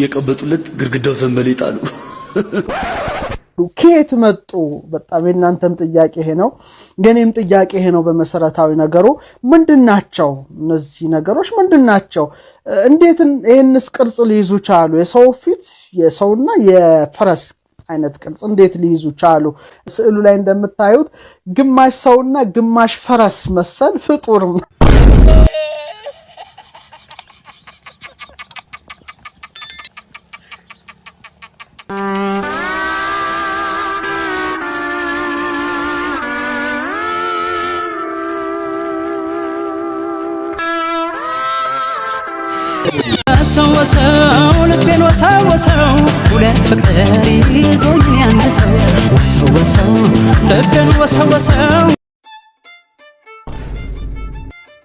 የቀበጡለት ግድግዳው ዘንበል አሉ። ከየት መጡ? በጣም የእናንተም ጥያቄ ይሄ ነው፣ የኔም ጥያቄ ይሄ ነው። በመሰረታዊ ነገሩ ምንድን ናቸው እነዚህ ነገሮች ምንድን ናቸው? እንዴት ይህንስ ቅርጽ ሊይዙ ቻሉ? የሰው ፊት የሰውና የፈረስ አይነት ቅርጽ እንዴት ሊይዙ ቻሉ? ስዕሉ ላይ እንደምታዩት ግማሽ ሰውና ግማሽ ፈረስ መሰል ፍጡር ሰው ሁለት ፍቅር ይዞኝ ያንድ ሰው ወሰወሰው ልቤን ወሰወሰው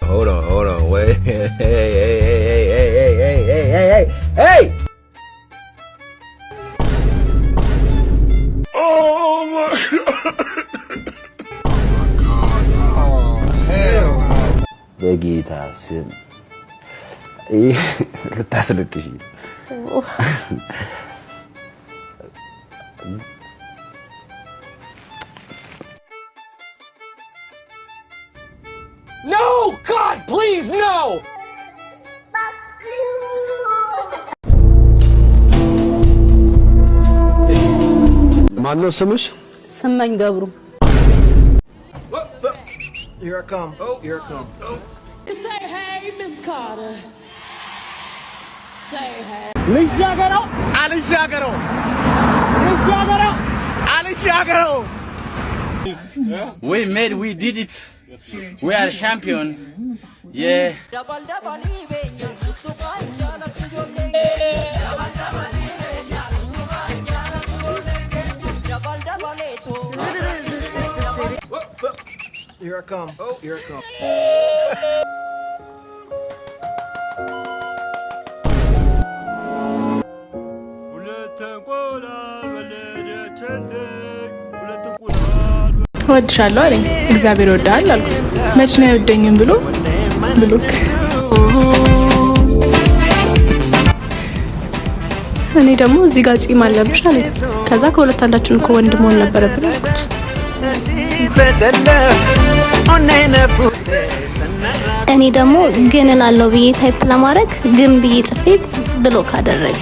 hold on, hold on, wait. Hey, hey, hey, hey, hey, hey, hey, hey, hey, hey! Oh my god! Oh my god! Oh hell! በጌታ ስም ልታስለቅሽ possible. no! God, please, no! ማን ስምሽ? ስመኝ ገብሩ። Here I come. Oh, here I come. Oh. Say, hey, Miss Carter. Alicia करो Alicia करो Alicia करो Alicia करो We made we did it We are champion Yeah Here I come. Oh. Here I come. እወድሻለሁ አለኝ። እግዚአብሔር ይወድሃል አልኩት። መች ነው አይወደኝም ብሎ ብሎክ እኔ ደግሞ እዚህ ጋር ጺም አለብሽ አለኝ። ከዛ ከሁለት አንዳችን እኮ ወንድ መሆን ነበረብን አልኩት። እኔ ደግሞ ግን እላለሁ ብዬ ታይፕ ለማድረግ ግን ብዬ ጽፌት ብሎክ አደረግ።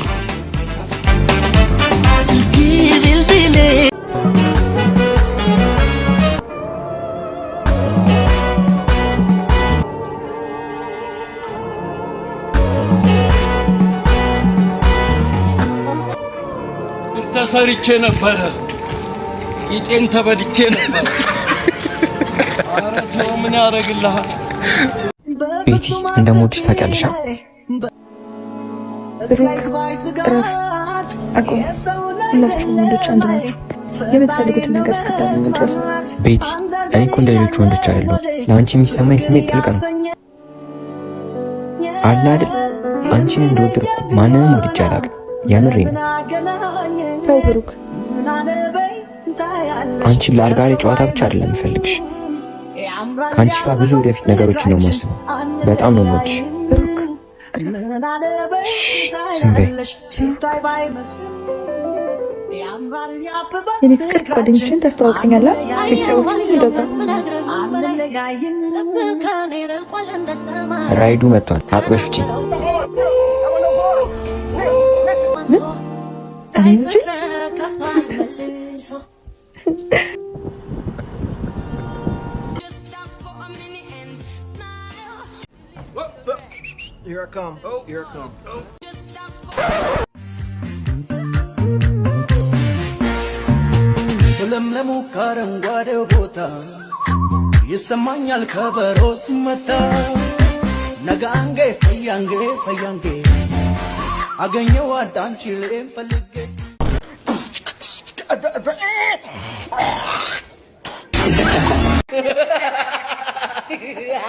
ተሰርቼ ነበረ፣ ቂጤን ተበድቼ ነበረ። ኧረ ተው ምን ያደርግልሃል? ቤቲ እንደምወድሽ ታውቂያለሽ። ነገር ቤቲ እኔ እኮ እንደ ወንዶች አይደለሁም። ለአንቺ የሚሰማኝ ስሜት ጥልቅ ነው አለ አይደል? አንቺን እንደወደድኩ ማንንም ወድጄ አላውቅም። የምሬ ነው። ተው ብሩክ፣ አንቺን ለአልጋሪ ጨዋታ ብቻ አይደለም ፈልግሽ። ከአንቺ ጋር ብዙ ወደፊት ነገሮች ነው የማስበው። በጣም ነው የምወድሽ ብሩክ። ዝም በይ የኔ ፍቅር። ጓደኞችን ታስተዋውቀኛለህ? ራይዱ መጥቷል። አጥበሽ ውጪ አልመለስኩም ለምለሙ ከአረንጓዴው ቦታ ይሰማኛል ከበሮ ሲመታ ነጋንጌ ፈያንጌ ፈያንጌ አገኘው አዳንችሌም ፈልጌ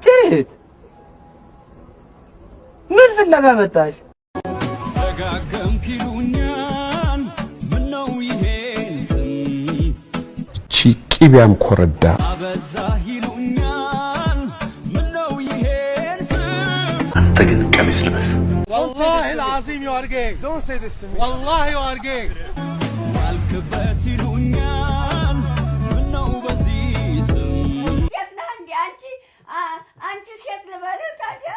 አጭር እህት ምን ፍለጋ መጣሽ? ደጋገምክ ይሉኛል። ምነው ይሄን ቺ ቂቢያም ኮረዳ ይሄን አንተ ግን ቀሚስ ልበስ። ወላሂ አልዓዚም ይዋርጌ ዶንት ሴይ ዲስ ቱ ሚ ወላሂ ይዋርጌ ዋልክበት ይሉኛል። ምነው በዚህ አንቺ ሴት ልበል ታዲያ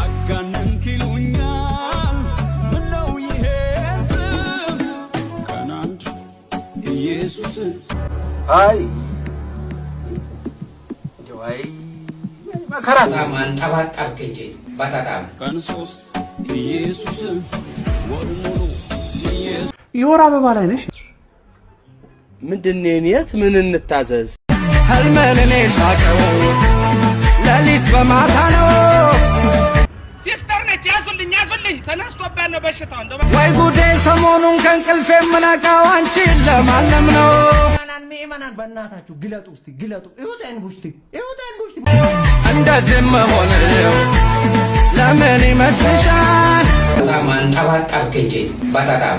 አጋንን ኪሉኛል ምነው ይሄ ስም ቀናንድ ኢየሱስን አይ አይ መከራ አንጠባጠብ እንጂ በጣም ቀን ሶስት ኢየሱስን ወር ሙሉ የወር አበባ ላይ ነሽ። ምንድን ነው የት ምን እንታዘዝ ህልመን እኔ ሳቀው በማታ ነው። ሲስተር ነች፣ ያዙልኝ ያዙልኝ፣ ተነስቶባት ነው በሽታው። እንደው ወይ ጉዴ! ሰሞኑን ከእንቅልፌ የምነቃው አንቺን ለማለም ነው። ምእመናን፣ በእናታችሁ ግለጡ እስቲ ግለጡ። እዩት እንቡሽቲ እዩት እንቡሽቲ እንደዚህ መሆን ለምን ይመስልሻል? በጣም አንጠባጠብክ በጣጣም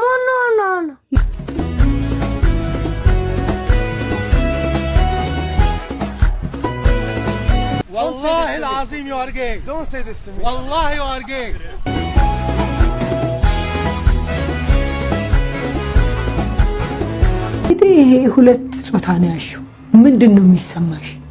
Monololo. والله العظيم يو ار جاي دونت سي ذس تو مي والله يو ار جاي ይሄ ሁለት ጾታ ነው ያልሽው፣ ምንድን ነው የሚሰማሽ?